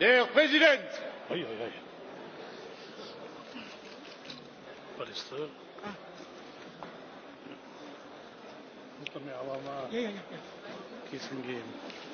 Der Präsident! Oi, oi, Muss mir aber mal Kissen geben.